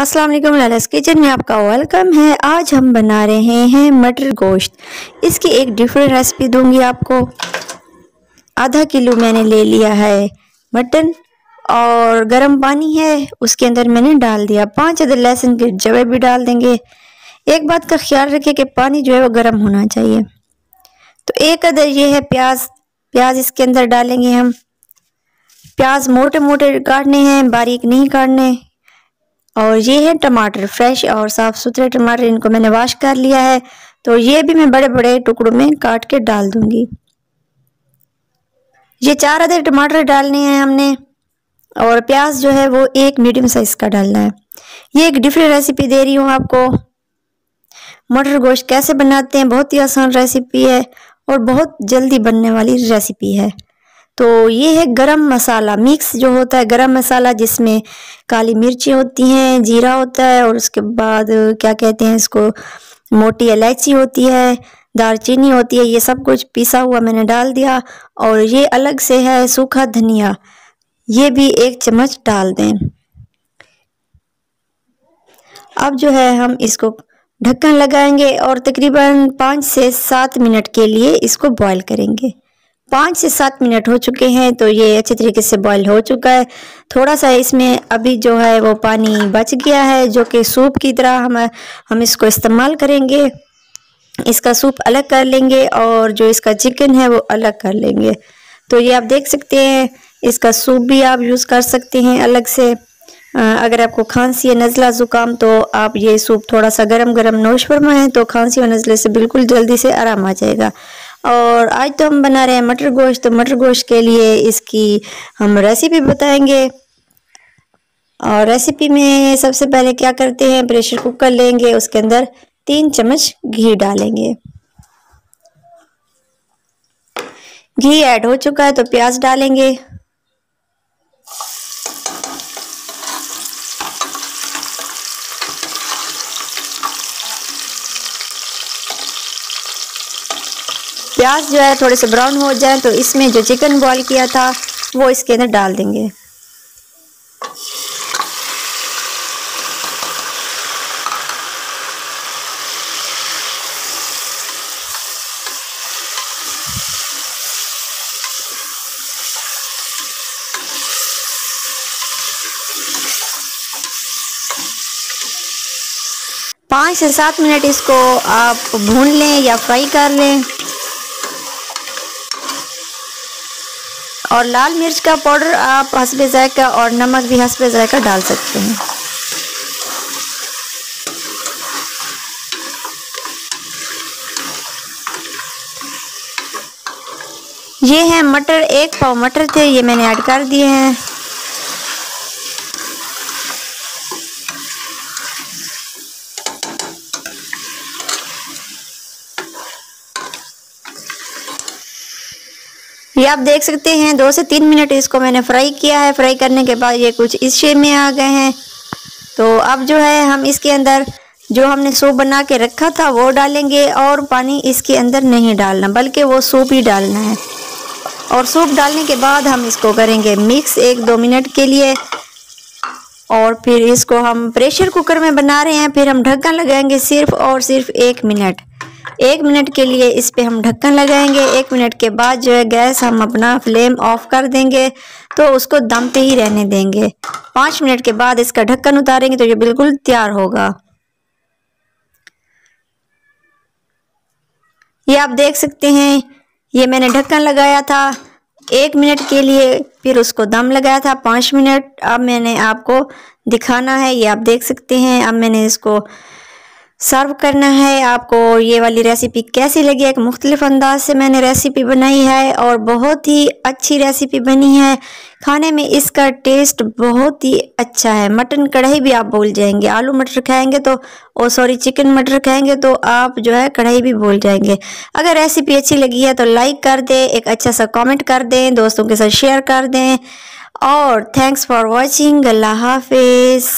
अस्सलाम वालेकुम लालस किचन में आपका वेलकम है आज हम बना रहे हैं मटर गोश्त इसकी एक डिफरेंट रेसिपी दूंगी आपको आधा किलो मैंने ले लिया है मटन और गर्म पानी है उसके अंदर मैंने डाल दिया पांच अदर लहसुन के जवे भी डाल देंगे एक बात का ख्याल रखें कि पानी जो है वो गर्म होना चाहिए तो एक अदर ये है प्याज प्याज इसके अंदर डालेंगे हम प्याज मोटे मोटे काटने हैं बारीक नहीं काटने और ये है टमाटर फ्रेश और साफ़ सुथरे टमाटर इनको मैंने वॉश कर लिया है तो ये भी मैं बड़े बड़े टुकड़ों में काट के डाल दूंगी ये चार अदर टमाटर डालने हैं हमने और प्याज जो है वो एक मीडियम साइज़ का डालना है ये एक डिफरेंट रेसिपी दे रही हूँ आपको मटर गोश्त कैसे बनाते हैं बहुत ही आसान रेसिपी है और बहुत जल्दी बनने वाली रेसिपी है तो ये है गरम मसाला मिक्स जो होता है गरम मसाला जिसमें काली मिर्ची होती हैं जीरा होता है और उसके बाद क्या कहते हैं इसको मोटी इलायची होती है दालचीनी होती है ये सब कुछ पिसा हुआ मैंने डाल दिया और ये अलग से है सूखा धनिया ये भी एक चम्मच डाल दें अब जो है हम इसको ढक्कन लगाएंगे और तकरीबन पाँच से सात मिनट के लिए इसको बॉईल करेंगे पाँच से सात मिनट हो चुके हैं तो ये अच्छे तरीके से बॉईल हो चुका है थोड़ा सा इसमें अभी जो है वो पानी बच गया है जो कि सूप की तरह हम हम इसको इस्तेमाल करेंगे इसका सूप अलग कर लेंगे और जो इसका चिकन है वो अलग कर लेंगे तो ये आप देख सकते हैं इसका सूप भी आप यूज़ कर सकते हैं अलग से अगर आपको खांसी या नज़ला ज़ुकाम तो आप ये सूप थोड़ा सा गरम गरम नोश फरमाएँ तो खांसी और नज़ले से बिल्कुल जल्दी से आराम आ जाएगा और आज तो हम बना रहे हैं मटर गोश्त तो मटर गोश्त के लिए इसकी हम रेसिपी बताएंगे और रेसिपी में सबसे पहले क्या करते हैं प्रेशर कुकर लेंगे उसके अंदर तीन चम्मच घी डालेंगे घी ऐड हो चुका है तो प्याज डालेंगे प्याज जो है थोड़े से ब्राउन हो जाए तो इसमें जो चिकन बॉईल किया था वो इसके अंदर डाल देंगे पाँच से सात मिनट इसको आप भून लें या फ्राई कर लें और लाल मिर्च का पाउडर आप हंसबे जायका और नमक भी हंसबे जायका डाल सकते हैं ये हैं मटर एक पाव मटर थे ये मैंने ऐड कर दिए हैं ये आप देख सकते हैं दो से तीन मिनट इसको मैंने फ्राई किया है फ्राई करने के बाद ये कुछ इस शेप में आ गए हैं तो अब जो है हम इसके अंदर जो हमने सूप बना के रखा था वो डालेंगे और पानी इसके अंदर नहीं डालना बल्कि वो सूप ही डालना है और सूप डालने के बाद हम इसको करेंगे मिक्स एक दो मिनट के लिए और फिर इसको हम प्रेशर कुकर में बना रहे हैं फिर हम ढक्कन लगाएंगे सिर्फ और सिर्फ एक मिनट एक मिनट के लिए इस पे हम ढक्कन लगाएंगे एक मिनट के बाद जो है गैस हम अपना फ्लेम ऑफ कर देंगे तो उसको दम पे ही रहने देंगे पाँच मिनट के बाद इसका ढक्कन उतारेंगे तो ये बिल्कुल तैयार होगा ये आप देख सकते हैं ये मैंने ढक्कन लगाया था एक मिनट के लिए फिर उसको दम लगाया था पाँच मिनट अब मैंने आपको दिखाना है ये आप देख सकते हैं अब मैंने इसको सर्व करना है आपको ये वाली रेसिपी कैसी लगी एक मुख्तलिफ अंदाज से मैंने रेसिपी बनाई है और बहुत ही अच्छी रेसिपी बनी है खाने में इसका टेस्ट बहुत ही अच्छा है मटन कढ़ाई भी आप भूल जाएंगे आलू मटर खाएंगे तो ओ सॉरी चिकन मटर खाएंगे तो आप जो है कढ़ाई भी भूल जाएंगे अगर रेसिपी अच्छी लगी है तो लाइक कर दें एक अच्छा सा कॉमेंट कर दें दोस्तों के साथ शेयर कर दें और थैंक्स फॉर वॉचिंग अल्लाह हाफिज़